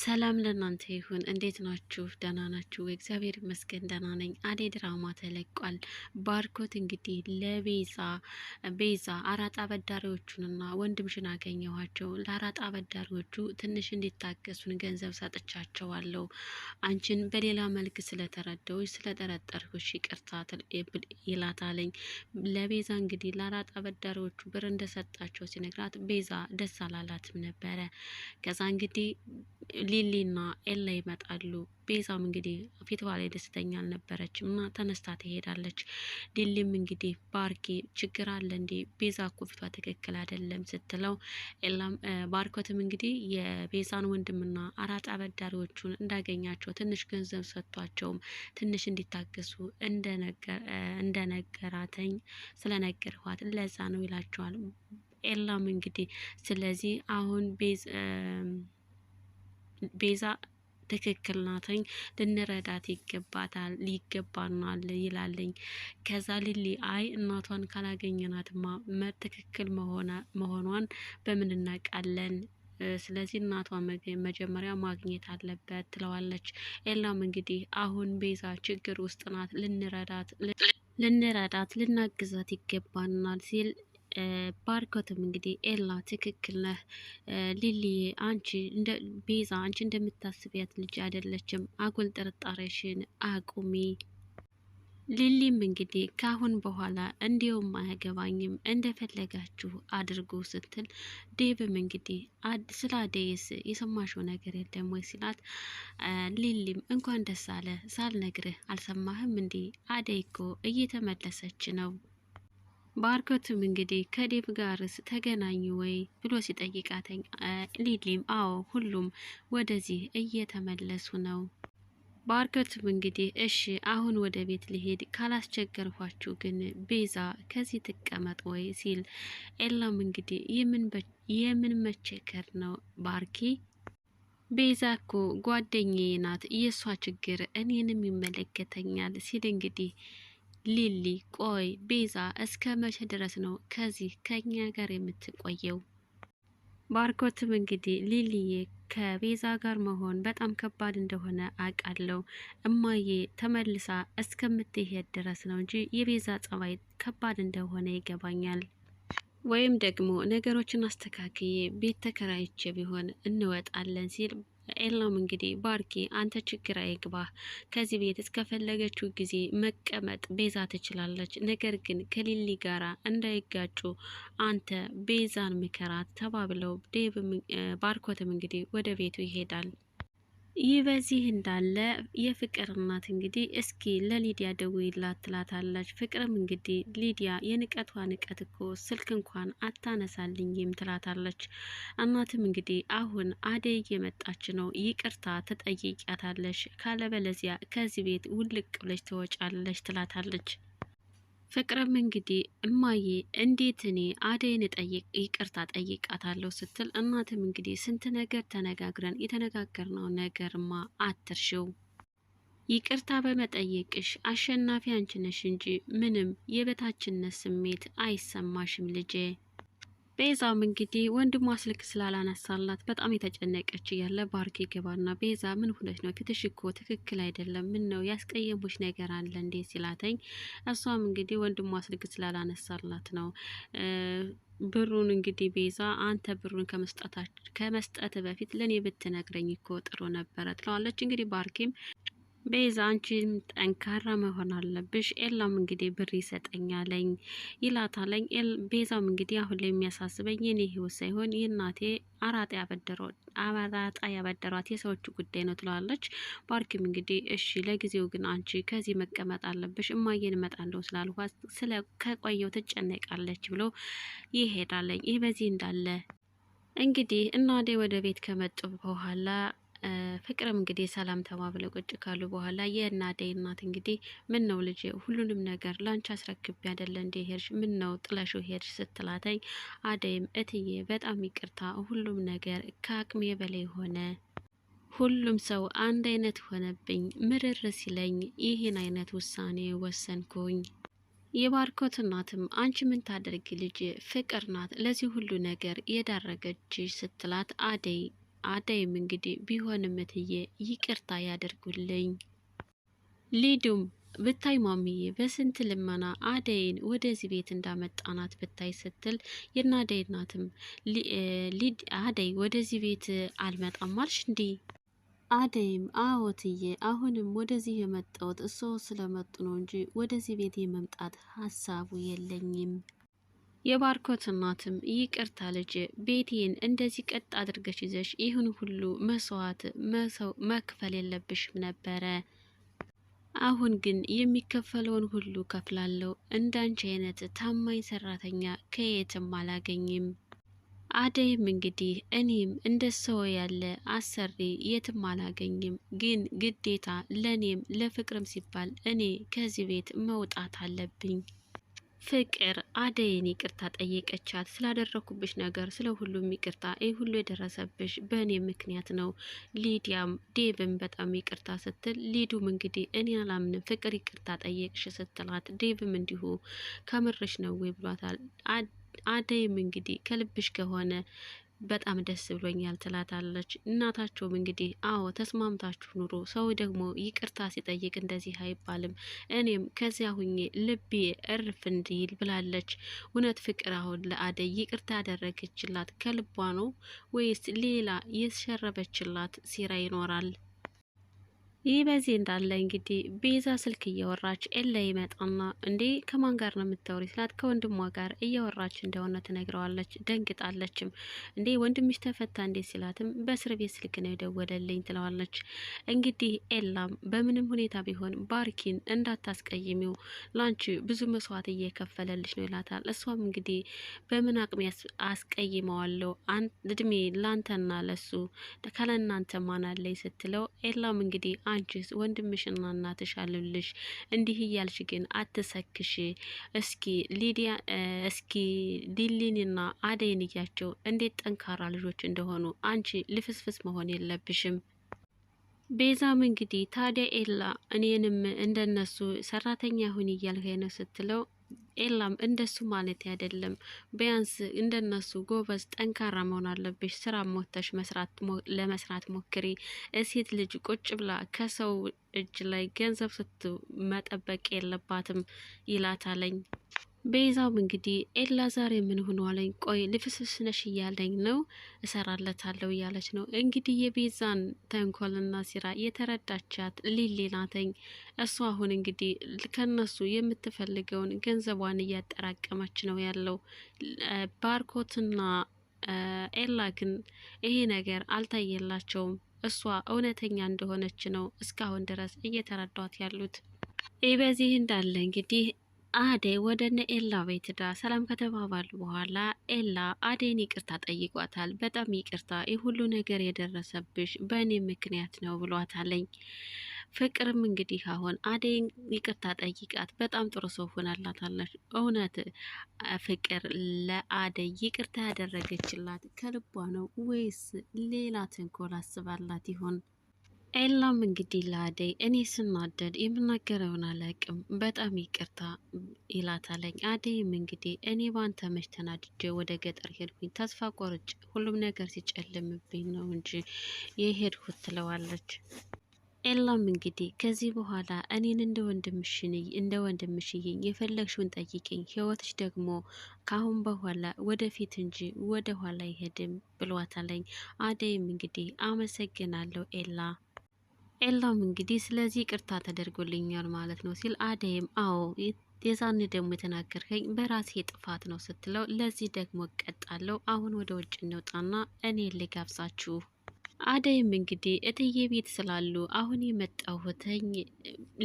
ሰላም ለእናንተ ይሁን። እንዴት ናችሁ? ደህና ናችሁ? እግዚአብሔር ይመስገን ደህና ነኝ። አዴ ድራማ ተለቋል። ባርኮት እንግዲህ ለቤዛ ቤዛ አራጣ አበዳሪዎቹንና ወንድምሽን አገኘኋቸው ለአራጣ አበዳሪዎቹ ትንሽ እንዲታገሱን ገንዘብ ሰጥቻቸዋለሁ። አንቺን በሌላ መልክ ስለተረዳሁሽ ስለጠረጠርኩሽ ይቅርታ ይላታለኝ። ለቤዛ እንግዲህ ለአራጣ አበዳሪዎቹ ብር እንደሰጣቸው ሲነግራት ቤዛ ደስ አላላትም ነበረ። ከዛ እንግዲህ ሊሊና ኤላ ይመጣሉ። ቤዛም እንግዲህ ፊትዋ ላይ ደስተኛ አልነበረችም እና ተነስታ ትሄዳለች። ሊሊም እንግዲህ ባርኬ ችግር አለ እንዴ ቤዛ እኮ ፊቷ ትክክል አይደለም ስትለው፣ ኤላም ባርኮትም እንግዲህ የቤዛን ወንድምና አራት አበዳሪዎቹን እንዳገኛቸው ትንሽ ገንዘብ ሰጥቷቸውም ትንሽ እንዲታገሱ እንደነገራተኝ ስለነገርኋት ለዛ ነው ይላቸዋል። ኤላም እንግዲህ ስለዚህ አሁን ቤዝ ቤዛ ትክክል ናትኝ ልንረዳት ይገባታል ይገባናል ይላለኝ። ከዛ ልሊ አይ እናቷን ካላገኘናትማ ትክክል መሆኗን በምን እናውቃለን? ስለዚህ እናቷ መጀመሪያ ማግኘት አለበት ትለዋለች። ኤላም እንግዲህ አሁን ቤዛ ችግር ውስጥ ናት፣ ልንረዳት ልንረዳት ልናግዛት ይገባናል ሲል ባርኮትም እንግዲህ ኤላ ትክክል ነህ ሊሊ፣ አንቺ ቤዛ፣ አንቺ እንደምታስቢያት ልጅ አይደለችም። አጉል ጥርጣሬሽን አቁሚ። ሊሊም እንግዲህ ካሁን በኋላ እንዲሁም አያገባኝም እንደፈለጋችሁ አድርጉ ስትል፣ ዴብም እንግዲህ ስለ አደይስ የሰማሽው ነገር የለም ወይ ሲላት፣ ሊሊም እንኳን ደስ አለ ሳልነግርህ አልሰማህም እንዴ? አደይ እኮ እየተመለሰች ነው ባርኮትም እንግዲህ ከዴቭ ጋርስ ተገናኙ ወይ ብሎ ሲጠይቃተኝ ሊሊም አዎ ሁሉም ወደዚህ እየተመለሱ ነው። ባርኮትም እንግዲህ እሺ አሁን ወደ ቤት ልሄድ ካላስቸገርኳችሁ ግን ቤዛ ከዚህ ትቀመጥ ወይ ሲል ኤላም እንግዲህ የምን መቸከር ነው ባርኪ ቤዛ እኮ ጓደኛዬ ናት፣ የእሷ ችግር እኔንም ይመለከተኛል ሲል እንግዲህ ሊሊ ቆይ ቤዛ እስከ መቼ ድረስ ነው ከዚህ ከኛ ጋር የምትቆየው? ባርኮትም እንግዲህ ሊሊዬ ከቤዛ ጋር መሆን በጣም ከባድ እንደሆነ አውቃለሁ። እማዬ ተመልሳ እስከምትሄድ ድረስ ነው እንጂ የቤዛ ጸባይ ከባድ እንደሆነ ይገባኛል። ወይም ደግሞ ነገሮችን አስተካክዬ ቤት ተከራይቼ ቢሆን እንወጣለን ሲል ኤላም እንግዲህ ባርኬ አንተ ችግር አይግባህ፣ ከዚህ ቤት እስከፈለገችው ጊዜ መቀመጥ ቤዛ ትችላለች። ነገር ግን ከሊሊ ጋራ እንዳይጋጩ አንተ ቤዛን ምከራት ተባብለው ዴቭ ባርኮትም እንግዲህ ወደ ቤቱ ይሄዳል። ይህ በዚህ እንዳለ የፍቅር እናት እንግዲህ እስኪ ለሊዲያ ደውይላት ትላታለች። ፍቅርም እንግዲህ ሊዲያ የንቀቷ ንቀት እኮ ስልክ እንኳን አታነሳልኝም ትላታለች። እናትም እንግዲህ አሁን አደይ የመጣች ነው ይቅርታ ትጠይቂያታለሽ፣ ካለበለዚያ ከዚህ ቤት ውልቅ ብለች ትወጫለሽ ትላታለች። ፍቅርም እንግዲህ እማዬ እንዴት እኔ አደይን ጠይቅ ይቅርታ ጠይቃታለሁ ስትል እናትም እንግዲህ ስንት ነገር ተነጋግረን የተነጋገርነው ነገርማ አትርሽው ይቅርታ በመጠየቅሽ አሸናፊ አንቺ ነሽ እንጂ ምንም የበታችነት ስሜት አይሰማሽም ልጄ ቤዛም እንግዲህ ወንድሟ ስልክ ስላላነሳላት በጣም የተጨነቀች እያለ ባርኬ ይገባና ቤዛ ምን ሁነች ነው? ፊትሽ እኮ ትክክል አይደለም። ምን ነው ያስቀየሙሽ ነገር አለ እንዴ? ሲላተኝ እሷም እንግዲህ ወንድሟ ስልክ ስላላነሳላት ነው ብሩን እንግዲህ ቤዛ አንተ ብሩን ከመስጠት በፊት ለእኔ ብትነግረኝ እኮ ጥሩ ነበረ ትለዋለች። እንግዲህ ባርኪም ቤዛ አንቺም ጠንካራ መሆን አለብሽ፣ ኤላም እንግዲህ ብር ይሰጠኛለኝ ይላታለኝ። ቤዛም እንግዲህ አሁን ላይ የሚያሳስበኝ የኔ ህይወት ሳይሆን የእናቴ አራጣ አራጣ ያበደሯት የሰዎቹ ጉዳይ ነው ትለዋለች። ባርኪም እንግዲህ እሺ ለጊዜው ግን አንቺ ከዚህ መቀመጥ አለብሽ፣ እማዬን እመጣለሁ ስላልኋት ስለ ከቆየው ትጨነቃለች ብሎ ይሄዳለኝ። ይህ በዚህ እንዳለ እንግዲህ እናዴ ወደ ቤት ከመጡ በኋላ ፍቅርም እንግዲህ ሰላም ተባብለው ቁጭ ካሉ በኋላ የአደይ እናት እንግዲህ ምን ነው ልጅ ሁሉንም ነገር ላንቺ አስረክቤ አይደለ እንዴ ሄድሽ? ምን ነው ጥለሹ ሄድሽ? ስትላተኝ አደይም እትዬ በጣም ይቅርታ፣ ሁሉም ነገር ከአቅሜ በላይ ሆነ ሁሉም ሰው አንድ አይነት ሆነብኝ። ምርር ሲለኝ ይህን አይነት ውሳኔ ወሰንኩኝ። የባርኮት እናትም አንቺ ምን ታደርጊ ልጅ፣ ፍቅር ናት ለዚህ ሁሉ ነገር የዳረገች ስትላት አደይ አደይም እንግዲህ ቢሆንም እትዬ ይቅርታ ያደርጉልኝ። ሊዱም ብታይ ማሚዬ በስንት ልመና አደይን ወደዚህ ቤት እንዳመጣናት ብታይ ስትል የእነ አደይ እናትም አደይ ወደዚህ ቤት አልመጣም አልሽ እንዲ? አደይም አዎትዬ አሁንም ወደዚህ የመጣሁት እሶ ስለመጡ ነው እንጂ ወደዚህ ቤት የመምጣት ሀሳቡ የለኝም። የባርኮት እናትም ይቅርታ ልጅ፣ ቤቴን እንደዚህ ቀጥ አድርገሽ ይዘሽ ይህን ሁሉ መስዋዕት መሰው መክፈል የለብሽም ነበረ። አሁን ግን የሚከፈለውን ሁሉ ከፍላለሁ። እንዳንቺ አይነት ታማኝ ሰራተኛ ከየትም አላገኝም። አደይም እንግዲህ እኔም እንደ ሰው ያለ አሰሪ የትም አላገኝም፣ ግን ግዴታ ለእኔም ለፍቅርም ሲባል እኔ ከዚህ ቤት መውጣት አለብኝ። ፍቅር አደይን ይቅርታ ጠየቀቻት። ስላደረኩብሽ ነገር ስለ ሁሉም ይቅርታ፣ ይህ ሁሉ የደረሰብሽ በእኔ ምክንያት ነው። ሊዲያም ዴቭን በጣም ይቅርታ ስትል፣ ሊዱም እንግዲህ እኔ አላምንም ፍቅር ይቅርታ ጠየቅሽ ስትላት፣ ዴቭም እንዲሁ ከምርሽ ነው ወይ ብሏታል። አደይም እንግዲህ ከልብሽ ከሆነ በጣም ደስ ብሎኛል ትላታለች። እናታቸውም እንግዲህ አዎ ተስማምታችሁ ኑሮ ሰው ደግሞ ይቅርታ ሲጠይቅ እንደዚህ አይባልም፣ እኔም ከዚያ ሁኜ ልቤ እርፍ እንዲል ብላለች። እውነት ፍቅር አሁን ለአደይ ይቅርታ ያደረገችላት ከልቧ ነው ወይስ ሌላ የሸረበችላት ሴራ ይኖራል? ይህ በዚህ እንዳለ እንግዲህ ቤዛ ስልክ እየወራች ኤለ ይመጣና እንዴ ከማን ጋር ነው የምታወሪ ስላት ከወንድሟ ጋር እየወራች እንደሆነ ትነግረዋለች። ደንግጣለችም። እንዴ ወንድምሽ ተፈታ እንዴት ሲላትም በእስር ቤት ስልክ ነው የደወለልኝ ትለዋለች። እንግዲህ ኤላም በምንም ሁኔታ ቢሆን ባርኪን እንዳታስቀይሚው ላንቺ ብዙ መስዋዕት እየከፈለልሽ ነው ይላታል። እሷም እንግዲህ በምን አቅሜ አስቀይመዋለሁ እድሜ ላንተና ለሱ ከለእናንተ ማናለኝ ስትለው ኤላም እንግዲህ አንቺስ ወንድምሽና እናትሽ አለልሽ። እንዲህ እያልሽ ግን አትሰክሽ። እስኪ ሊዲያ እስኪ ሊሊንና አደይን እያቸው እንዴት ጠንካራ ልጆች እንደሆኑ። አንቺ ልፍስፍስ መሆን የለብሽም። ቤዛም እንግዲህ ታዲያ ኤላ እኔንም እንደነሱ ሰራተኛ ሁን እያልከኝ ነው ስትለው ኤላም እንደሱ ማለት አይደለም። ቢያንስ እንደነሱ ጎበዝ፣ ጠንካራ መሆን አለብሽ። ስራ ሞተሽ መስራት ለመስራት ሞክሪ። ሴት ልጅ ቁጭ ብላ ከሰው እጅ ላይ ገንዘብ ስት መጠበቅ የለባትም ይላታለኝ። ቤዛው እንግዲህ ኤላ ዛሬ ምን ሆኗለኝ? ቆይ ልፍስፍስ ነሽ እያለኝ ነው እሰራለታለሁ እያለች ነው። እንግዲህ የቤዛን ተንኮልና ሲራ የተረዳቻት ሊሊ ናተኝ። እሷ አሁን እንግዲህ ከነሱ የምትፈልገውን ገንዘቧን እያጠራቀመች ነው ያለው። ባርኮትና ኤላ ግን ይሄ ነገር አልታየላቸውም። እሷ እውነተኛ እንደሆነች ነው እስካሁን ድረስ እየተረዷት ያሉት። ይህ በዚህ እንዳለ እንግዲህ አደይ ወደ እነ ኤላ ቤት ዳ ሰላም ከተባባሉ በኋላ ኤላ አደይን ይቅርታ ጠይቋታል። በጣም ይቅርታ ይህ ሁሉ ነገር የደረሰብሽ በእኔ ምክንያት ነው ብሏታለኝ። ፍቅርም እንግዲህ አሁን አደይን ይቅርታ ጠይቃት፣ በጣም ጥሩ ሰው ሆናላታለች። እውነት ፍቅር ለአደይ ይቅርታ ያደረገችላት ከልቧ ነው ወይስ ሌላ ተንኮል አስባላት ይሆን? ኤላም እንግዲህ ለአደይ እኔ ስናደድ የምናገረውን አላቅም፣ በጣም ይቅርታ ይላታለኝ። አደይም እንግዲህ እኔ ባንተ መች ተናድጄ ወደ ገጠር ሄድኩኝ፣ ተስፋ ቆርጭ፣ ሁሉም ነገር ሲጨልምብኝ ነው እንጂ የሄድኩት ትለዋለች። ኤላም እንግዲህ ከዚህ በኋላ እኔን እንደ ወንድምሽንይ እንደ ወንድምሽይኝ የፈለግሽውን ጠይቅኝ፣ ህይወትሽ ደግሞ ካሁን በኋላ ወደፊት እንጂ ወደ ኋላ አይሄድም ብሏታለኝ። አደይም እንግዲህ አመሰግናለሁ ኤላ ኤላም እንግዲህ ስለዚህ ቅርታ ተደርጎልኛል ማለት ነው ሲል አደይም አዎ የዛኔ ደግሞ የተናገርከኝ በራሴ ጥፋት ነው ስትለው ለዚህ ደግሞ እቀጣለሁ። አሁን ወደ ውጭ እንውጣና እኔ ልጋብዛችሁ። አደይም እንግዲህ እትዬ ቤት ስላሉ አሁን የመጣሁትኝ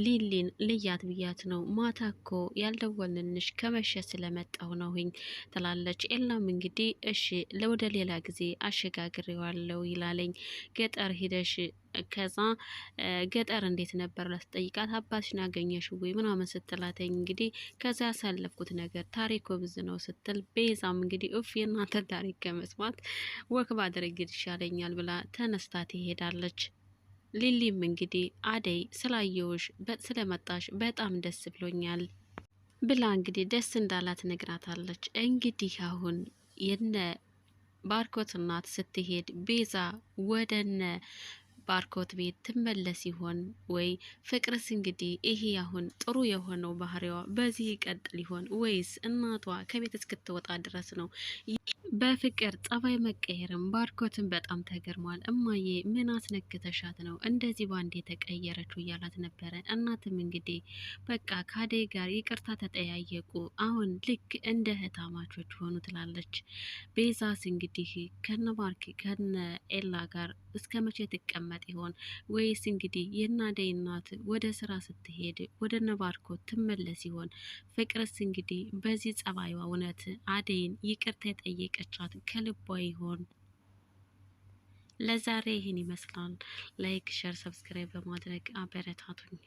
ሊሊን ልያት ብያት ነው። ማታ እኮ ያልደወልንሽ ከመሸ ስለመጣሁ ነውኝ ትላለች። ኤላም እንግዲህ እሺ ለወደ ሌላ ጊዜ አሸጋግሬዋለሁ ይላለኝ። ገጠር ሂደሽ ከዛ ገጠር እንዴት ነበር ለስጠይቃት አባትሽን አገኘሽ ወይ ምናምን ስትላተኝ እንግዲህ ከዛ ያሳለፍኩት ነገር ታሪኮ ብዙ ነው ስትል ቤዛም እንግዲህ እፍ የእናንተ ታሪክ ከመስማት ወክ ባደረግ ይሻለኛል ብላ ተነስታ ትሄዳለች። ሊሊም እንግዲህ አደይ ስላየውሽ ስለመጣሽ በጣም ደስ ብሎኛል ብላ እንግዲህ ደስ እንዳላት ነግራታለች። እንግዲህ አሁን የነ ባርኮት እናት ስትሄድ ቤዛ ወደነ ባርኮት ቤት ትመለስ ይሆን ወይ? ፍቅርስ እንግዲህ ይሄ አሁን ጥሩ የሆነው ባህሪዋ በዚህ ይቀጥል ይሆን ወይስ እናቷ ከቤት እስክትወጣ ድረስ ነው? በፍቅር ጸባይ መቀየርም ባርኮትን በጣም ተገርሟል። እማዬ ምን አስነክተሻት ነው እንደዚህ ባንዴ ተቀየረችው? እያላት ነበረ። እናትም እንግዲህ በቃ ካደይ ጋር ይቅርታ ተጠያየቁ፣ አሁን ልክ እንደ እህታማቾች ሆኑ ትላለች። ቤዛስ እንግዲህ ከነ ባርክ ከነ ኤላ ጋር እስከ መቼ ትቀመጥ ይቀመጥ ይሆን ወይስ እንግዲህ የአደይ እናት ወደ ስራ ስትሄድ ወደ ነባርኮ ትመለስ ይሆን? ፍቅርስ እንግዲህ በዚህ ጸባይዋ እውነት አደይን ይቅርታ የጠየቀቻት ከልቧ ይሆን? ለዛሬ ይህን ይመስላል። ላይክ፣ ሸር፣ ሰብስክራይብ በማድረግ አበረታቱኝ።